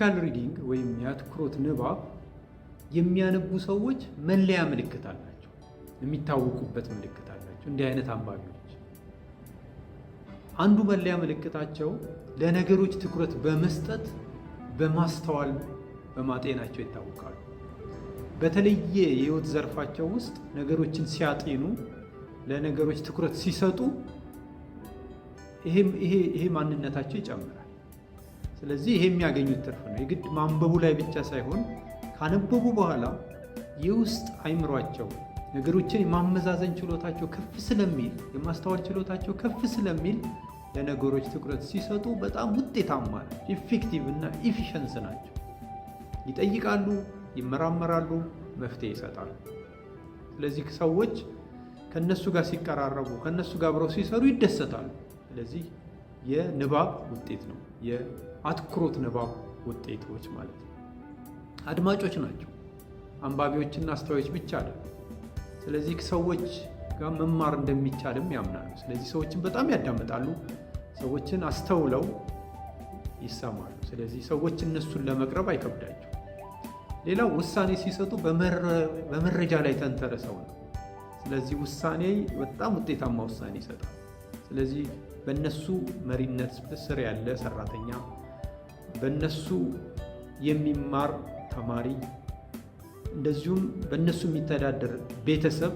ክሪቲካል ሪዲንግ ወይም የአትኩሮት ንባብ የሚያነቡ ሰዎች መለያ ምልክት አላቸው፣ የሚታወቁበት ምልክት አላቸው። እንዲህ አይነት አንባቢዎች አንዱ መለያ ምልክታቸው ለነገሮች ትኩረት በመስጠት በማስተዋል በማጤናቸው ይታወቃሉ። በተለየ የህይወት ዘርፋቸው ውስጥ ነገሮችን ሲያጤኑ፣ ለነገሮች ትኩረት ሲሰጡ ይሄ ማንነታቸው ይጨምራል። ስለዚህ ይሄ የሚያገኙት ትርፍ ነው። የግድ ማንበቡ ላይ ብቻ ሳይሆን ካነበቡ በኋላ የውስጥ አይምሯቸው ነገሮችን የማመዛዘን ችሎታቸው ከፍ ስለሚል፣ የማስተዋል ችሎታቸው ከፍ ስለሚል ለነገሮች ትኩረት ሲሰጡ በጣም ውጤታማ ናቸው። ኢፌክቲቭ እና ኢፊሸንስ ናቸው። ይጠይቃሉ፣ ይመራመራሉ፣ መፍትሄ ይሰጣሉ። ስለዚህ ሰዎች ከነሱ ጋር ሲቀራረቡ፣ ከነሱ ጋር አብረው ሲሰሩ ይደሰታሉ። ስለዚህ የንባብ ውጤት ነው። የአትኩሮት ንባብ ውጤቶች ማለት ነው። አድማጮች ናቸው፣ አንባቢዎችና አስተዋዮች ብቻ አይደለም። ስለዚህ ሰዎች ጋር መማር እንደሚቻልም ያምናሉ። ስለዚህ ሰዎችን በጣም ያዳምጣሉ፣ ሰዎችን አስተውለው ይሰማሉ። ስለዚህ ሰዎች እነሱን ለመቅረብ አይከብዳቸው። ሌላው ውሳኔ ሲሰጡ በመረጃ ላይ ተንተረሰው ነው። ስለዚህ ውሳኔ በጣም ውጤታማ ውሳኔ ይሰጣል። ስለዚህ በእነሱ መሪነት ስር ያለ ሰራተኛ፣ በእነሱ የሚማር ተማሪ፣ እንደዚሁም በእነሱ የሚተዳደር ቤተሰብ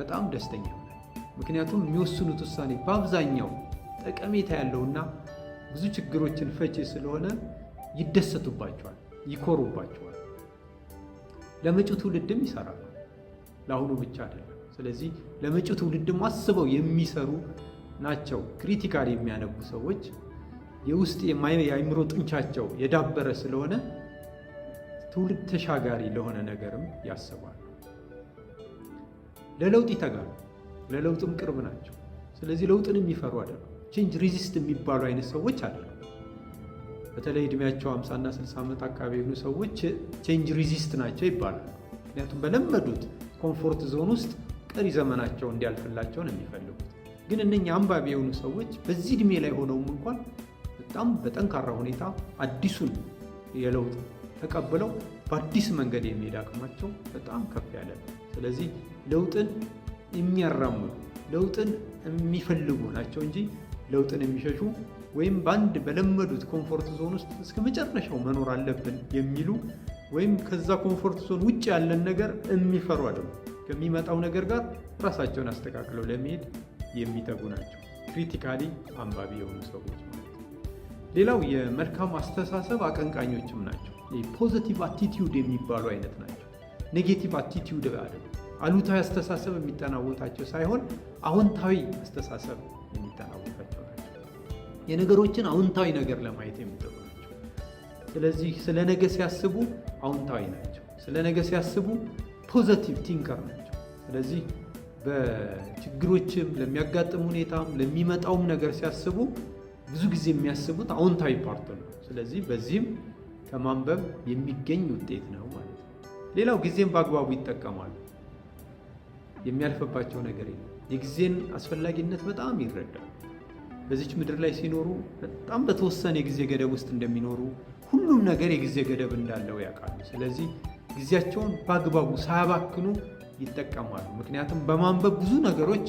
በጣም ደስተኛ ምክንያቱም የሚወስኑት ውሳኔ በአብዛኛው ጠቀሜታ ያለውና ብዙ ችግሮችን ፈቺ ስለሆነ ይደሰቱባቸዋል፣ ይኮሩባቸዋል። ለመጪው ትውልድም ይሰራል። ለአሁኑ ብቻ አይደለም። ስለዚህ ለመጪው ትውልድም አስበው የሚሰሩ ናቸው። ክሪቲካል የሚያነቡ ሰዎች የውስጥ የአይምሮ ጡንቻቸው የዳበረ ስለሆነ ትውልድ ተሻጋሪ ለሆነ ነገርም ያስባሉ። ለለውጥ ይተጋሉ፣ ለለውጥም ቅርብ ናቸው። ስለዚህ ለውጥን የሚፈሩ አይደሉም። ቼንጅ ሪዚስት የሚባሉ አይነት ሰዎች አይደሉም። በተለይ እድሜያቸው 50 እና 60 ዓመት አካባቢ የሆኑ ሰዎች ቼንጅ ሪዚስት ናቸው ይባላል። ምክንያቱም በለመዱት ኮምፎርት ዞን ውስጥ ቀሪ ዘመናቸው እንዲያልፍላቸው ነው የሚፈልጉት። ግን እነኛ አንባቢ የሆኑ ሰዎች በዚህ እድሜ ላይ ሆነውም እንኳን በጣም በጠንካራ ሁኔታ አዲሱን የለውጥ ተቀብለው በአዲስ መንገድ የሚሄድ አቅማቸው በጣም ከፍ ያለ ነው። ስለዚህ ለውጥን የሚያራምዱ ለውጥን የሚፈልጉ ናቸው እንጂ ለውጥን የሚሸሹ ወይም በአንድ በለመዱት ኮምፎርት ዞን ውስጥ እስከ መጨረሻው መኖር አለብን የሚሉ ወይም ከዛ ኮምፎርት ዞን ውጭ ያለን ነገር የሚፈሩ አይደሉም። ከሚመጣው ነገር ጋር ራሳቸውን አስተካክለው ለመሄድ የሚተጉ ናቸው። ክሪቲካሊ አንባቢ የሆኑ ሰዎች ማለት ነው። ሌላው የመልካም አስተሳሰብ አቀንቃኞችም ናቸው። ፖዘቲቭ አቲቲዩድ የሚባሉ አይነት ናቸው። ኔጌቲቭ አቲቲዩድ አለ አሉታዊ አስተሳሰብ የሚጠናወታቸው ሳይሆን አዎንታዊ አስተሳሰብ የሚጠናወታቸው ናቸው። የነገሮችን አዎንታዊ ነገር ለማየት የሚጥሩ ናቸው። ስለዚህ ስለ ነገ ሲያስቡ አዎንታዊ ናቸው። ስለ ነገ ሲያስቡ ፖዘቲቭ ቲንከር ናቸው። ስለዚህ በችግሮችም ለሚያጋጥም ሁኔታም ለሚመጣውም ነገር ሲያስቡ ብዙ ጊዜ የሚያስቡት አዎንታዊ ፓርት ነው። ስለዚህ በዚህም ከማንበብ የሚገኝ ውጤት ነው ማለት ነው። ሌላው ጊዜን በአግባቡ ይጠቀማሉ። የሚያልፍባቸው ነገር የለም። የጊዜን አስፈላጊነት በጣም ይረዳል። በዚች ምድር ላይ ሲኖሩ በጣም በተወሰነ የጊዜ ገደብ ውስጥ እንደሚኖሩ ሁሉም ነገር የጊዜ ገደብ እንዳለው ያውቃሉ። ስለዚህ ጊዜያቸውን በአግባቡ ሳያባክኑ ይጠቀማሉ። ምክንያቱም በማንበብ ብዙ ነገሮች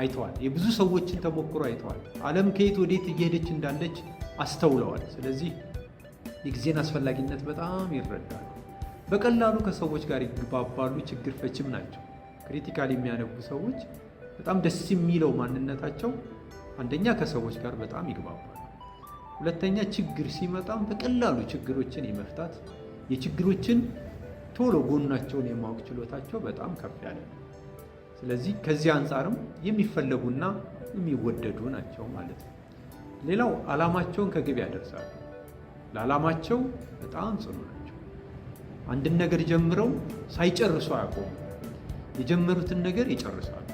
አይተዋል። የብዙ ሰዎችን ተሞክሮ አይተዋል። ዓለም ከየት ወዴት እየሄደች እንዳለች አስተውለዋል። ስለዚህ የጊዜን አስፈላጊነት በጣም ይረዳሉ። በቀላሉ ከሰዎች ጋር ይግባባሉ። ችግር ፈችም ናቸው። ክሪቲካል የሚያነቡ ሰዎች በጣም ደስ የሚለው ማንነታቸው አንደኛ ከሰዎች ጋር በጣም ይግባባሉ። ሁለተኛ ችግር ሲመጣም በቀላሉ ችግሮችን የመፍታት የችግሮችን ቶሎ ጎናቸውን የማወቅ ችሎታቸው በጣም ከፍ ያለ ነው። ስለዚህ ከዚህ አንጻርም የሚፈለጉና የሚወደዱ ናቸው ማለት ነው። ሌላው ዓላማቸውን ከግብ ያደርሳሉ። ለዓላማቸው በጣም ጽኑ ናቸው። አንድን ነገር ጀምረው ሳይጨርሱ አያቆሙ። የጀመሩትን ነገር ይጨርሳሉ።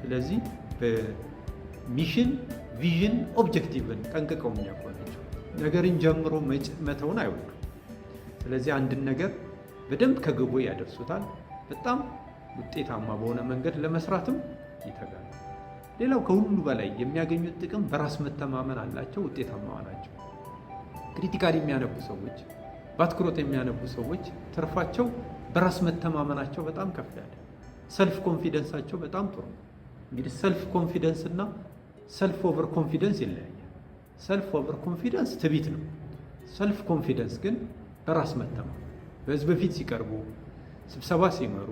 ስለዚህ በሚሽን ቪዥን፣ ኦብጀክቲቭን ጠንቅቀው የሚያውቁ ናቸው። ነገርን ጀምሮ መተውን አይወዱ። ስለዚህ አንድን ነገር በደንብ ከግቡ ያደርሱታል። በጣም ውጤታማ በሆነ መንገድ ለመስራትም ይተጋል። ሌላው ከሁሉ በላይ የሚያገኙት ጥቅም በራስ መተማመን አላቸው፣ ውጤታማ ናቸው። ክሪቲካል የሚያነቡ ሰዎች፣ በአትኩሮት የሚያነቡ ሰዎች ትርፋቸው በራስ መተማመናቸው በጣም ከፍ ያለ፣ ሰልፍ ኮንፊደንሳቸው በጣም ጥሩ። እንግዲህ ሰልፍ ኮንፊደንስ እና ሰልፍ ኦቨር ኮንፊደንስ ይለያል። ሰልፍ ኦቨር ኮንፊደንስ ትቢት ነው። ሰልፍ ኮንፊደንስ ግን በራስ መተማመን በህዝብ ፊት ሲቀርቡ፣ ስብሰባ ሲመሩ፣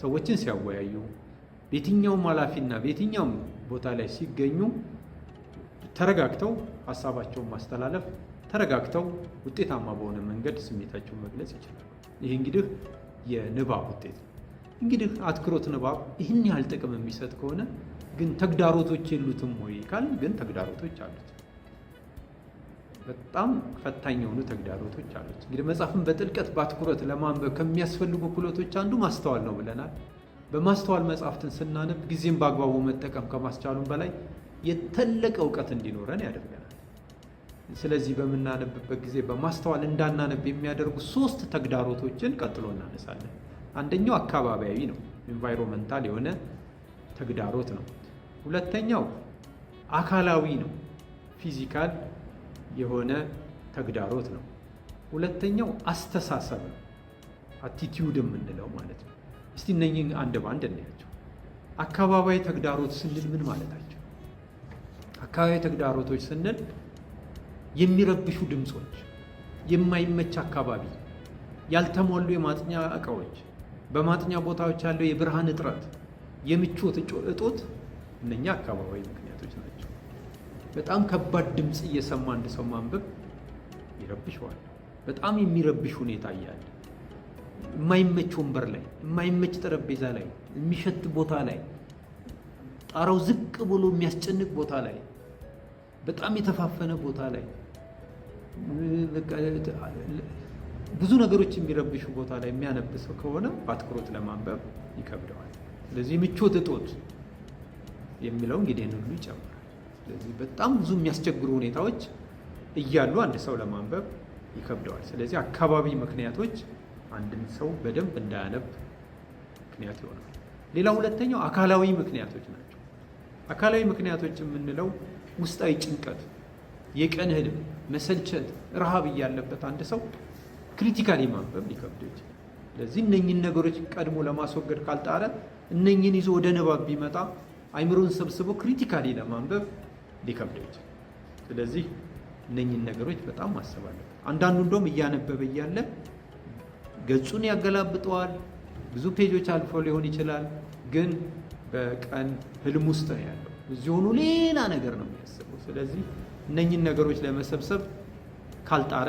ሰዎችን ሲያወያዩ፣ በየትኛውም ኃላፊና በየትኛውም ቦታ ላይ ሲገኙ ተረጋግተው ሀሳባቸውን ማስተላለፍ ተረጋግተው ውጤታማ በሆነ መንገድ ስሜታቸውን መግለጽ ይችላሉ። ይህ እንግዲህ የንባብ ውጤት ነው። እንግዲህ አትኩሮት ንባብ ይህን ያህል ጥቅም የሚሰጥ ከሆነ ግን ተግዳሮቶች የሉትም ወይ ካል ግን ተግዳሮቶች አሉት። በጣም ፈታኝ የሆኑ ተግዳሮቶች አሉት። እንግዲህ መጽሐፍን በጥልቀት በአትኩረት ለማንበብ ከሚያስፈልጉ ክህሎቶች አንዱ ማስተዋል ነው ብለናል። በማስተዋል መጽሐፍትን ስናነብ ጊዜን በአግባቡ መጠቀም ከማስቻሉም በላይ የተለቀ እውቀት እንዲኖረን ያደርገናል። ስለዚህ በምናነብበት ጊዜ በማስተዋል እንዳናነብ የሚያደርጉ ሶስት ተግዳሮቶችን ቀጥሎ እናነሳለን። አንደኛው አካባቢያዊ ነው፣ ኤንቫይሮመንታል የሆነ ተግዳሮት ነው። ሁለተኛው አካላዊ ነው፣ ፊዚካል የሆነ ተግዳሮት ነው። ሁለተኛው አስተሳሰብ ነው፣ አቲቲዩድ የምንለው ማለት ነው። እስቲ እነኝህን አንድ ባንድ እናያቸው። አካባቢያዊ ተግዳሮት ስንል ምን ማለታቸው? አካባቢያዊ ተግዳሮቶች ስንል የሚረብሹ ድምፆች፣ የማይመች አካባቢ፣ ያልተሟሉ የማጥኛ እቃዎች፣ በማጥኛ ቦታዎች ያለው የብርሃን እጥረት፣ የምቾት እጦት፣ እነኛ አካባቢያዊ ምክንያቶች ናቸው። በጣም ከባድ ድምፅ እየሰማ አንድ ሰው ማንበብ ይረብሸዋል። በጣም የሚረብሽ ሁኔታ እያለ የማይመች ወንበር ላይ፣ የማይመች ጠረጴዛ ላይ፣ የሚሸት ቦታ ላይ፣ ጣራው ዝቅ ብሎ የሚያስጨንቅ ቦታ ላይ፣ በጣም የተፋፈነ ቦታ ላይ፣ ብዙ ነገሮች የሚረብሹ ቦታ ላይ የሚያነብሰው ከሆነ በአትኩሮት ለማንበብ ይከብደዋል። ስለዚህ ምቾት እጦት የሚለው እንግዲህ ሁሉ ይጨምራል። ስለዚህ በጣም ብዙ የሚያስቸግሩ ሁኔታዎች እያሉ አንድ ሰው ለማንበብ ይከብደዋል። ስለዚህ አካባቢ ምክንያቶች አንድን ሰው በደንብ እንዳያነብ ምክንያት ይሆናል። ሌላ ሁለተኛው አካላዊ ምክንያቶች ናቸው። አካላዊ ምክንያቶች የምንለው ውስጣዊ ጭንቀት፣ የቀን ህልም፣ መሰልቸት፣ ረሃብ እያለበት አንድ ሰው ክሪቲካሊ ማንበብ ሊከብደው ይችላል። ስለዚህ እነኝን ነገሮች ቀድሞ ለማስወገድ ካልጣረ እነኝን ይዞ ወደ ንባብ ቢመጣ አይምሮን ሰብስቦ ክሪቲካሊ ለማንበብ ሊከብደው ይችላል። ስለዚህ እነኝን ነገሮች በጣም ማሰብ አንዳንዱ እንደውም እያነበበ እያለ ገጹን ያገላብጠዋል። ብዙ ፔጆች አልፎ ሊሆን ይችላል፣ ግን በቀን ህልም ውስጥ ነው ያለው። እዚህ ሆኑ ሌላ ነገር ነው የሚያስበው። ስለዚህ እነኝን ነገሮች ለመሰብሰብ ካልጣረ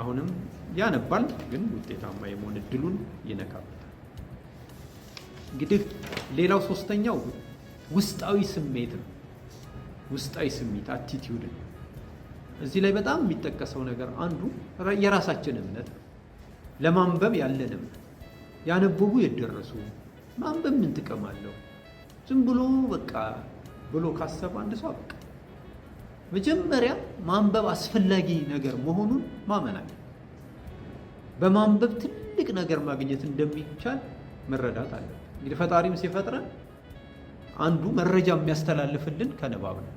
አሁንም ያነባል፣ ግን ውጤታማ የመሆን እድሉን ይነካበታል። እንግዲህ ሌላው ሶስተኛው ውስጣዊ ስሜት ነው። ውስጣዊ ስሜት አቲቲዩድን። እዚህ ላይ በጣም የሚጠቀሰው ነገር አንዱ የራሳችን እምነት ለማንበብ ያለን እምነት ያነበቡ የደረሱ ማንበብ ምን ጥቅም አለው ዝም ብሎ በቃ ብሎ ካሰበ አንድ ሰው በቃ መጀመሪያ ማንበብ አስፈላጊ ነገር መሆኑን ማመን አለ። በማንበብ ትልቅ ነገር ማግኘት እንደሚቻል መረዳት አለ። እንግዲህ ፈጣሪም ሲፈጥረን አንዱ መረጃ የሚያስተላልፍልን ከንባብ ነው።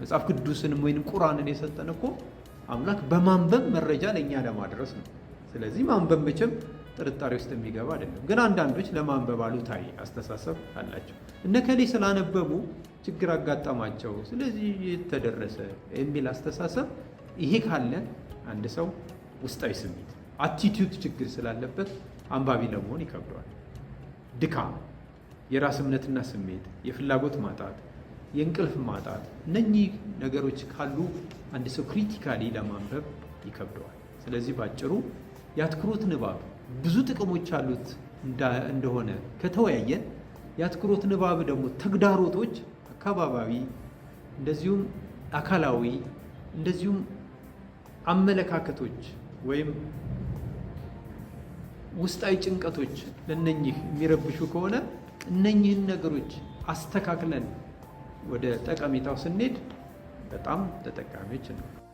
መጽሐፍ ቅዱስንም ወይም ቁርአንን የሰጠን እኮ አምላክ በማንበብ መረጃ ለእኛ ለማድረስ ነው። ስለዚህ ማንበብ መቼም ጥርጣሬ ውስጥ የሚገባ አይደለም። ግን አንዳንዶች ለማንበብ አሉታዊ አስተሳሰብ አላቸው። እነ ከሌ ስላነበቡ ችግር አጋጠማቸው፣ ስለዚህ የተደረሰ የሚል አስተሳሰብ። ይሄ ካለ አንድ ሰው ውስጣዊ ስሜት አቲቱድ ችግር ስላለበት አንባቢ ለመሆን ይከብደዋል። ድካም የራስ እምነትና ስሜት፣ የፍላጎት ማጣት፣ የእንቅልፍ ማጣት እነኚህ ነገሮች ካሉ አንድ ሰው ክሪቲካሊ ለማንበብ ይከብደዋል። ስለዚህ ባጭሩ የአትኩሮት ንባብ ብዙ ጥቅሞች አሉት እንደሆነ ከተወያየን የአትኩሮት ንባብ ደግሞ ተግዳሮቶች አካባቢያዊ፣ እንደዚሁም አካላዊ፣ እንደዚሁም አመለካከቶች ወይም ውስጣዊ ጭንቀቶች ለነኚህ የሚረብሹ ከሆነ እነኚህን ነገሮች አስተካክለን ወደ ጠቀሜታው ስንሄድ በጣም ተጠቃሚዎች ነው።